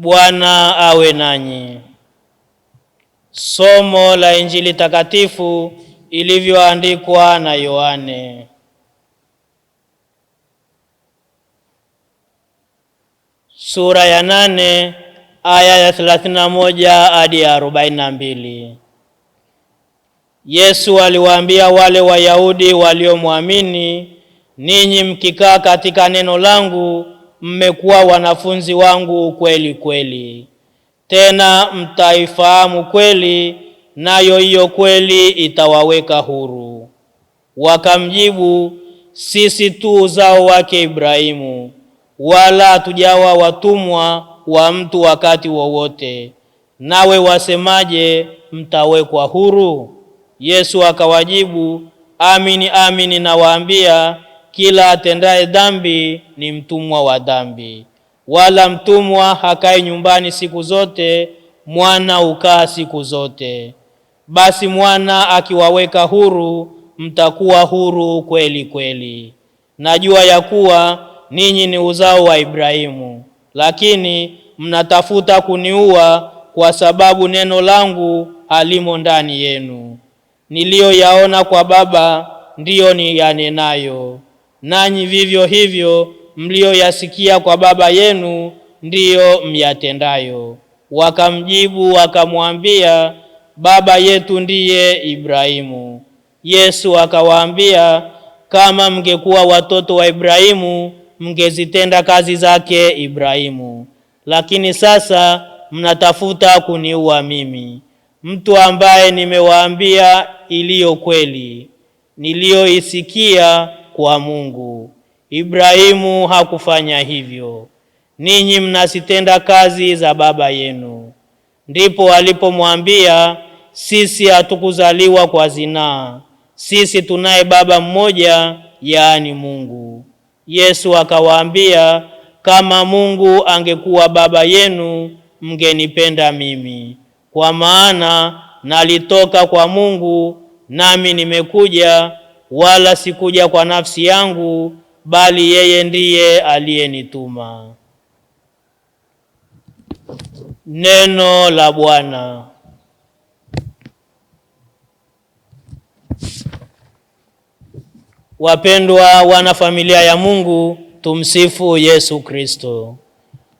Bwana awe nanyi. Somo la Injili takatifu ilivyoandikwa na Yohane. Sura ya nane aya ya moja hadi ya 42. Yesu aliwaambia wale Wayahudi waliomwamini, ninyi mkikaa katika neno langu mmekuwa wanafunzi wangu kweli kweli, tena mtaifahamu kweli, nayo hiyo kweli itawaweka huru. Wakamjibu, sisi tu uzao wake Ibrahimu, wala hatujawa watumwa wa mtu wakati wowote, nawe wasemaje mtawekwa huru? Yesu akawajibu, amini amini nawaambia kila atendaye dhambi ni mtumwa wa dhambi, wala mtumwa hakae nyumbani siku zote, mwana hukaa siku zote. Basi mwana akiwaweka huru, mtakuwa huru kweli kweli. Najua ya kuwa ninyi ni uzao wa Ibrahimu, lakini mnatafuta kuniua, kwa sababu neno langu halimo ndani yenu. Niliyoyaona kwa Baba ndiyo yanenayo nanyi vivyo hivyo mlioyasikia kwa baba yenu ndiyo myatendayo. Wakamjibu wakamwambia, baba yetu ndiye Ibrahimu. Yesu akawaambia, kama mngekuwa watoto wa Ibrahimu mngezitenda kazi zake Ibrahimu, lakini sasa mnatafuta kuniua mimi, mtu ambaye nimewaambia iliyo kweli niliyoisikia kwa Mungu. Ibrahimu hakufanya hivyo, ninyi mnazitenda kazi za baba yenu. Ndipo alipomwambia, sisi hatukuzaliwa kwa zinaa, sisi tunaye baba mmoja, yaani Mungu. Yesu akawaambia, kama Mungu angekuwa baba yenu, mngenipenda mimi, kwa maana nalitoka kwa Mungu, nami nimekuja wala sikuja kwa nafsi yangu, bali yeye ndiye aliyenituma. Neno la Bwana. Wapendwa wana familia ya Mungu, tumsifu Yesu Kristo.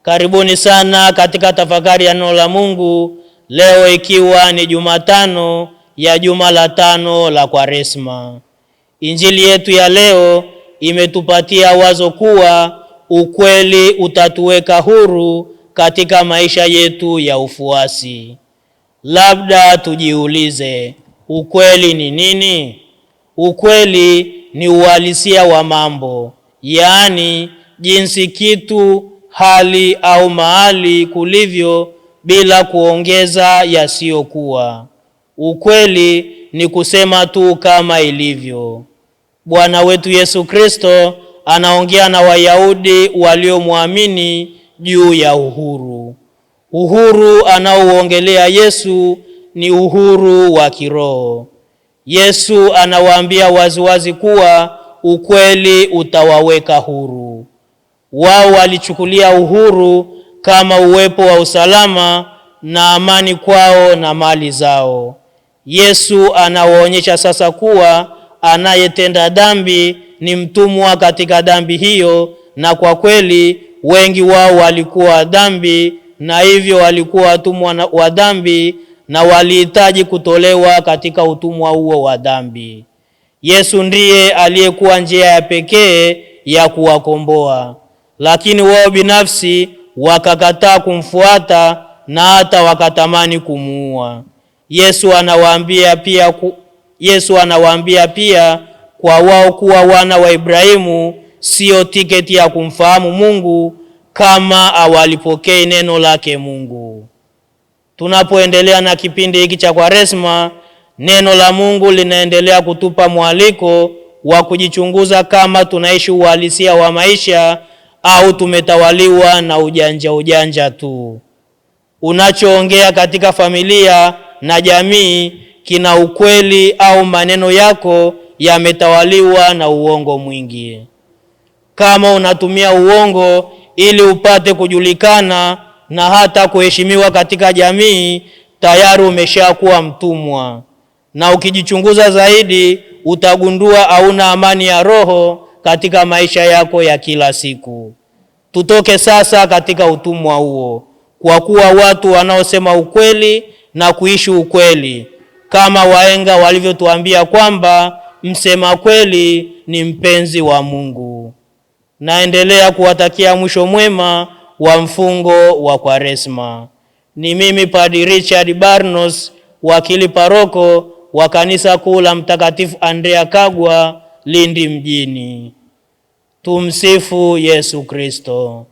Karibuni sana katika tafakari ya neno la Mungu leo, ikiwa ni Jumatano ya juma la tano la Kwaresma. Injili yetu ya leo imetupatia wazo kuwa ukweli utatuweka huru katika maisha yetu ya ufuasi. Labda tujiulize, ukweli ni nini? Ukweli ni uhalisia wa mambo, yaani jinsi kitu, hali au mahali kulivyo, bila kuongeza yasiyokuwa. Ukweli ni kusema tu kama ilivyo. Bwana wetu Yesu Kristo anaongea na Wayahudi waliomwamini juu ya uhuru. Uhuru anaouongelea Yesu ni uhuru wa kiroho. Yesu anawaambia waziwazi kuwa ukweli utawaweka huru. Wao walichukulia uhuru kama uwepo wa usalama na amani kwao na mali zao. Yesu anawaonyesha sasa kuwa anayetenda dhambi ni mtumwa katika dhambi hiyo, na kwa kweli wengi wao walikuwa dhambi, na hivyo walikuwa watumwa wa dhambi na walihitaji kutolewa katika utumwa huo wa dhambi. Yesu ndiye aliyekuwa njia ya pekee ya kuwakomboa, lakini wao binafsi wakakataa kumfuata na hata wakatamani kumuua. Yesu anawaambia pia ku, Yesu anawaambia pia kwa wao kuwa wana wa Ibrahimu siyo tiketi ya kumfahamu Mungu kama awalipokei neno lake Mungu. Tunapoendelea na kipindi hiki cha Kwaresma, neno la Mungu linaendelea kutupa mwaliko wa kujichunguza kama tunaishi uhalisia wa maisha au tumetawaliwa na ujanja ujanja tu. Unachoongea katika familia na jamii kina ukweli au maneno yako yametawaliwa na uongo mwingi. Kama unatumia uongo ili upate kujulikana na hata kuheshimiwa katika jamii, tayari umeshakuwa mtumwa, na ukijichunguza zaidi utagundua hauna amani ya roho katika maisha yako ya kila siku. Tutoke sasa katika utumwa huo, kwa kuwa watu wanaosema ukweli na kuishi ukweli kama waenga walivyotuambia kwamba msema kweli ni mpenzi wa Mungu. Naendelea kuwatakia mwisho mwema wa mfungo wa Kwaresma. Ni mimi Padri Richard Barnos, wakili paroko wa kanisa kuu la Mtakatifu Andrea Kagwa, Lindi mjini. Tumsifu Yesu Kristo.